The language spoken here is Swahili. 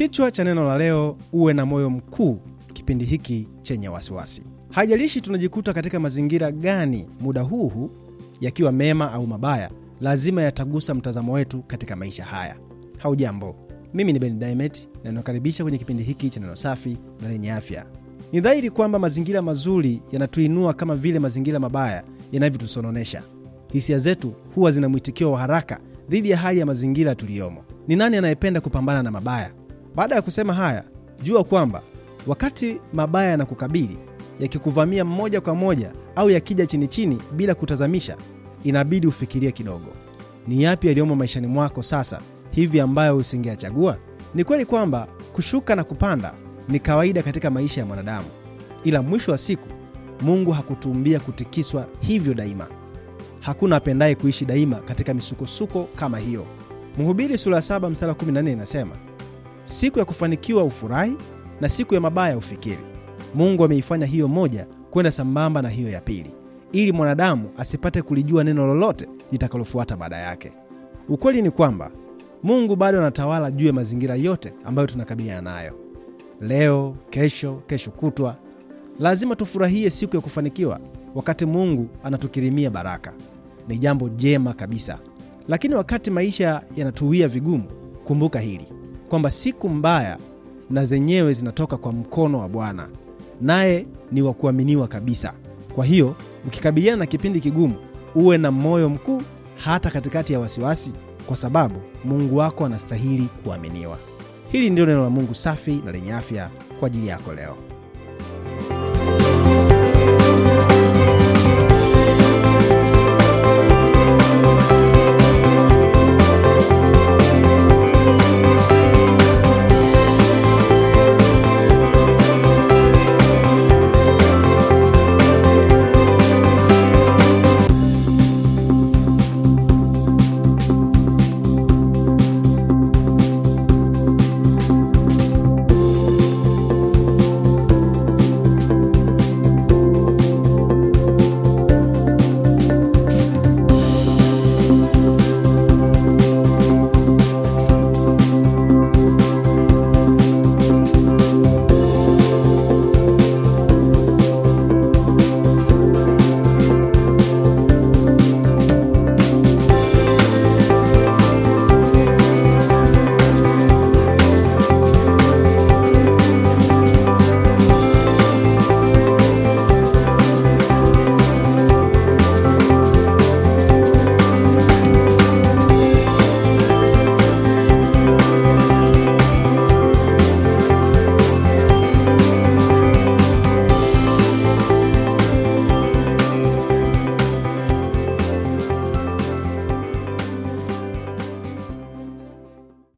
Kichwa cha neno la leo, uwe na moyo mkuu kipindi hiki chenye wasiwasi. Haijalishi tunajikuta katika mazingira gani muda huu huu, yakiwa mema au mabaya, lazima yatagusa mtazamo wetu katika maisha haya. Haujambo, mimi ni Ben Diamond na ninakaribisha kwenye kipindi hiki cha neno safi na lenye afya. Ni dhahiri kwamba mazingira mazuri yanatuinua kama vile mazingira mabaya yanavyotusononesha. Hisia zetu huwa zina mwitikio wa haraka dhidi ya hali ya mazingira tuliyomo. Ni nani anayependa kupambana na mabaya? Baada ya kusema haya, jua kwamba wakati mabaya yanakukabili, yakikuvamia moja kwa moja au yakija chini chini bila kutazamisha, inabidi ufikirie kidogo, ni yapi yaliyomo maishani mwako sasa hivi ambayo usingeachagua? Ni kweli kwamba kushuka na kupanda ni kawaida katika maisha ya mwanadamu, ila mwisho wa siku Mungu hakutumbia kutikiswa hivyo daima. Hakuna apendaye kuishi daima katika misukosuko kama hiyo. Mhubiri sura 7 mstari 14 inasema Siku ya kufanikiwa ufurahi na siku ya mabaya ufikiri. Mungu ameifanya hiyo moja kwenda sambamba na hiyo ya pili, ili mwanadamu asipate kulijua neno lolote litakalofuata baada yake. Ukweli ni kwamba Mungu bado anatawala juu ya mazingira yote ambayo tunakabiliana nayo leo, kesho, kesho kutwa. Lazima tufurahie siku ya kufanikiwa wakati Mungu anatukirimia baraka, ni jambo jema kabisa. Lakini wakati maisha yanatuwia vigumu, kumbuka hili: kwamba siku mbaya na zenyewe zinatoka kwa mkono wa Bwana, naye ni wa kuaminiwa kabisa. Kwa hiyo ukikabiliana na kipindi kigumu, uwe na moyo mkuu hata katikati ya wasiwasi, kwa sababu Mungu wako anastahili kuaminiwa. Hili ndilo neno la Mungu safi na lenye afya kwa ajili yako leo.